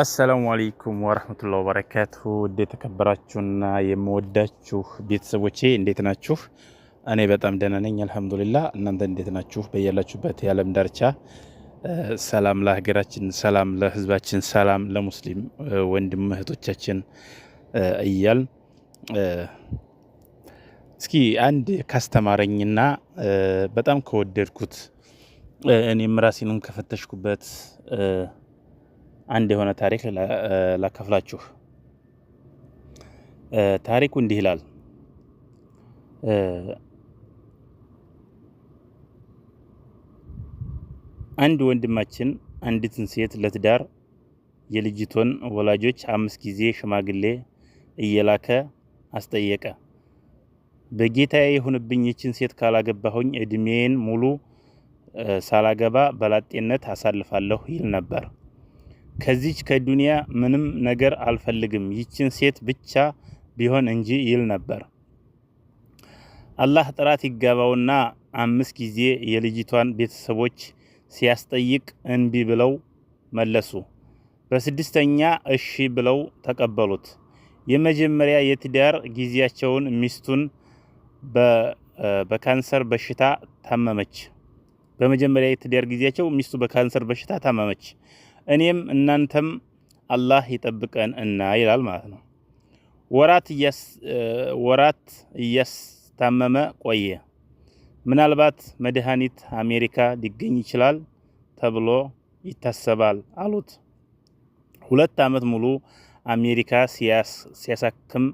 አሰላሙ አለይኩም ወረህመቱላሂ ወበረካቱሁ ውድ የተከበራችሁና የምወዳችሁ ቤተሰቦቼ እንዴት ናችሁ? እኔ በጣም ደህና ነኝ አልሐምዱሊላህ። እናንተ እንዴት ናችሁ? በያላችሁበት የዓለም ዳርቻ ሰላም ለሀገራችን፣ ሰላም ለህዝባችን ሰላም ለሙስሊም ወንድም እህቶቻችን እያል እስኪ አንድ ካስተማረኝና በጣም ከወደድኩት እኔም ራሴንም ከፈተሽኩበት አንድ የሆነ ታሪክ ላካፍላችሁ። ታሪኩ እንዲህ ይላል። አንድ ወንድማችን አንዲትን ሴት ለትዳር የልጅቶን ወላጆች አምስት ጊዜ ሽማግሌ እየላከ አስጠየቀ። በጌታ የሆንብኝ ይችን ሴት ካላገባሁኝ እድሜን ሙሉ ሳላገባ በላጤነት አሳልፋለሁ ይል ነበር። ከዚች ከዱንያ ምንም ነገር አልፈልግም ይችን ሴት ብቻ ቢሆን እንጂ ይል ነበር። አላህ ጥራት ይገባውና አምስት ጊዜ የልጅቷን ቤተሰቦች ሲያስጠይቅ እንቢ ብለው መለሱ። በስድስተኛ እሺ ብለው ተቀበሉት። የመጀመሪያ የትዳር ጊዜያቸውን ሚስቱን በካንሰር በሽታ ታመመች። በመጀመሪያ የትዳር ጊዜያቸው ሚስቱ በካንሰር በሽታ ታመመች። እኔም እናንተም አላህ ይጠብቀን እና ይላል ማለት ነው። ወራት እያስታመመ ቆየ። ምናልባት መድኃኒት አሜሪካ ሊገኝ ይችላል ተብሎ ይታሰባል አሉት። ሁለት ዓመት ሙሉ አሜሪካ ሲያሳክም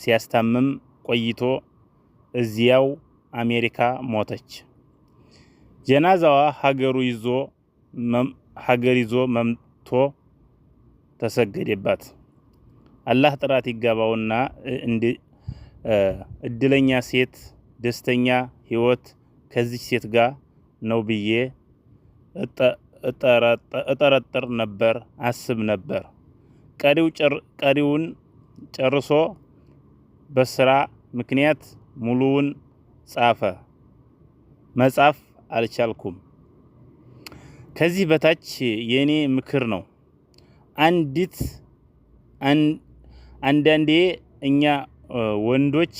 ሲያስታምም ቆይቶ እዚያው አሜሪካ ሞተች። ጀናዛዋ ሀገሩ ይዞ ሀገር ይዞ መምቶ ተሰገደባት። አላህ ጥራት ይገባውና እድለኛ ሴት ደስተኛ ህይወት ከዚች ሴት ጋር ነው ብዬ እጠረጥር ነበር፣ አስብ ነበር። ቀሪውን ጨርሶ በስራ ምክንያት ሙሉውን ጻፈ። መጻፍ አልቻልኩም። ከዚህ በታች የእኔ ምክር ነው። አንዲት አንዳንዴ እኛ ወንዶች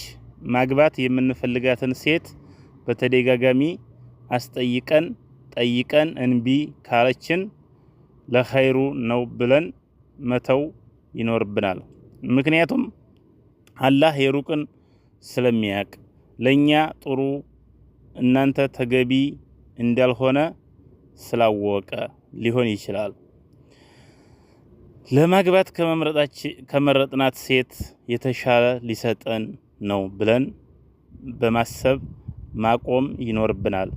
ማግባት የምንፈልጋትን ሴት በተደጋጋሚ አስጠይቀን ጠይቀን እንቢ ካለችን ለኸይሩ ነው ብለን መተው ይኖርብናል። ምክንያቱም አላህ የሩቅን ስለሚያቅ ለእኛ ጥሩ እናንተ ተገቢ እንዳልሆነ ስላወቀ ሊሆን ይችላል። ለማግባት ከመረጥናት ሴት የተሻለ ሊሰጠን ነው ብለን በማሰብ ማቆም ይኖርብናል።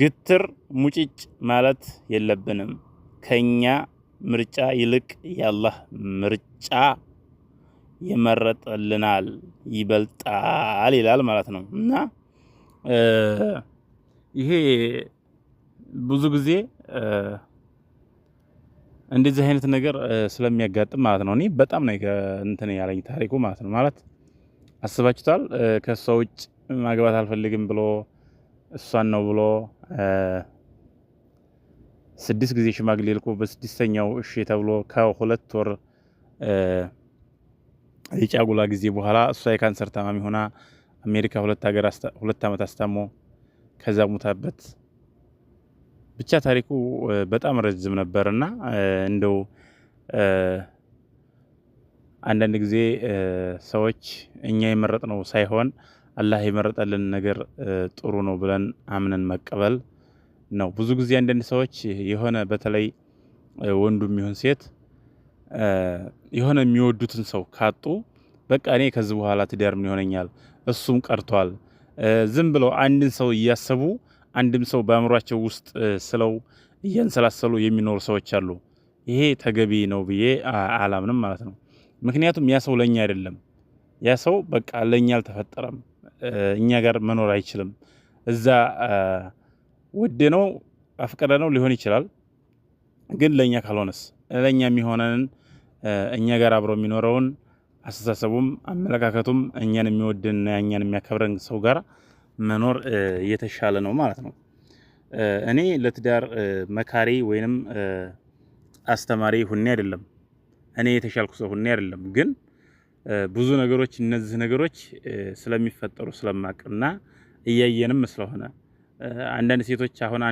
ግትር ሙጭጭ ማለት የለብንም። ከኛ ምርጫ ይልቅ ያላህ ምርጫ ይመረጥልናል ይበልጣል ይላል ማለት ነው እና ይሄ ብዙ ጊዜ እንደዚህ አይነት ነገር ስለሚያጋጥም ማለት ነው። እኔ በጣም ነው እንትን ያለኝ ታሪኩ ማለት ነው። ማለት አስባችሁታል? ከእሷ ውጭ ማግባት አልፈልግም ብሎ እሷን ነው ብሎ ስድስት ጊዜ ሽማግሌ ልኮ በስድስተኛው እሺ ተብሎ ከሁለት ወር የጫጉላ ጊዜ በኋላ እሷ የካንሰር ታማሚ ሆና አሜሪካ ሁለት ሀገር ሁለት ዓመት አስታሞ ከዛ ሙታበት ብቻ ታሪኩ በጣም ረጅም ነበርና እንደው አንዳንድ ጊዜ ሰዎች እኛ የመረጥነው ሳይሆን አላህ የመረጠልን ነገር ጥሩ ነው ብለን አምነን መቀበል ነው። ብዙ ጊዜ አንዳንድ ሰዎች የሆነ በተለይ ወንዱም ይሁን ሴት የሆነ የሚወዱትን ሰው ካጡ በቃ እኔ ከዚህ በኋላ ትዳር ምን ይሆነኛል፣ እሱም ቀርቷል፣ ዝም ብለው አንድን ሰው እያሰቡ አንድም ሰው በአእምሯቸው ውስጥ ስለው እያንሰላሰሉ የሚኖሩ ሰዎች አሉ። ይሄ ተገቢ ነው ብዬ አላምንም ማለት ነው። ምክንያቱም ያ ሰው ለእኛ አይደለም። ያ ሰው በቃ ለእኛ አልተፈጠረም። እኛ ጋር መኖር አይችልም። እዛ ወደ ነው አፍቀደ ነው ሊሆን ይችላል። ግን ለእኛ ካልሆነስ ለእኛ የሚሆነንን እኛ ጋር አብሮ የሚኖረውን አስተሳሰቡም አመለካከቱም እኛን የሚወድንና እኛን የሚያከብረን ሰው ጋር መኖር የተሻለ ነው ማለት ነው። እኔ ለትዳር መካሪ ወይንም አስተማሪ ሁኔ አይደለም፣ እኔ የተሻልኩ ሰው ሁኔ አይደለም። ግን ብዙ ነገሮች እነዚህ ነገሮች ስለሚፈጠሩ ስለማቅና እያየንም ስለሆነ አንዳንድ ሴቶች አሁን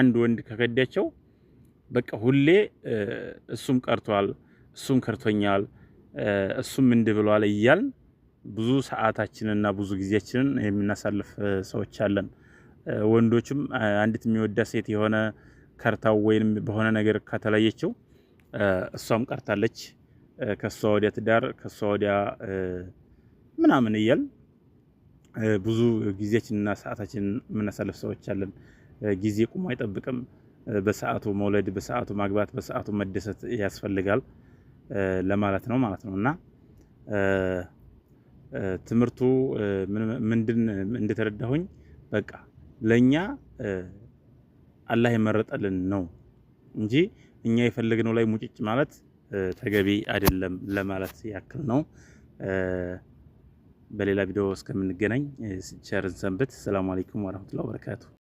አንድ ወንድ ከከዳቸው በቃ ሁሌ እሱም ቀርቷል፣ እሱም ከርቶኛል፣ እሱም እንዲህ ብሏል እያልን ብዙ ሰዓታችንና ብዙ ጊዜያችንን የምናሳልፍ ሰዎች አለን። ወንዶችም አንዲት የሚወዳ ሴት የሆነ ከርታው ወይም በሆነ ነገር ከተለየችው እሷም ቀርታለች፣ ከእሷ ወዲያ ትዳር፣ ከእሷ ወዲያ ምናምን እያል ብዙ ጊዜያችንና ሰዓታችንን የምናሳልፍ ሰዎች አለን። ጊዜ ቁሞ አይጠብቅም። በሰዓቱ መውለድ፣ በሰዓቱ ማግባት፣ በሰዓቱ መደሰት ያስፈልጋል ለማለት ነው ማለት ነው እና ትምህርቱ ምንድን እንደተረዳሁኝ በቃ ለእኛ አላህ የመረጠልን ነው እንጂ እኛ የፈለግነው ላይ ሙጭጭ ማለት ተገቢ አይደለም ለማለት ያክል ነው። በሌላ ቪዲዮ እስከምንገናኝ ቸርን ሰንብት። ሰላሙ አለይኩም ወረህመቱላሂ ወበረካቱ።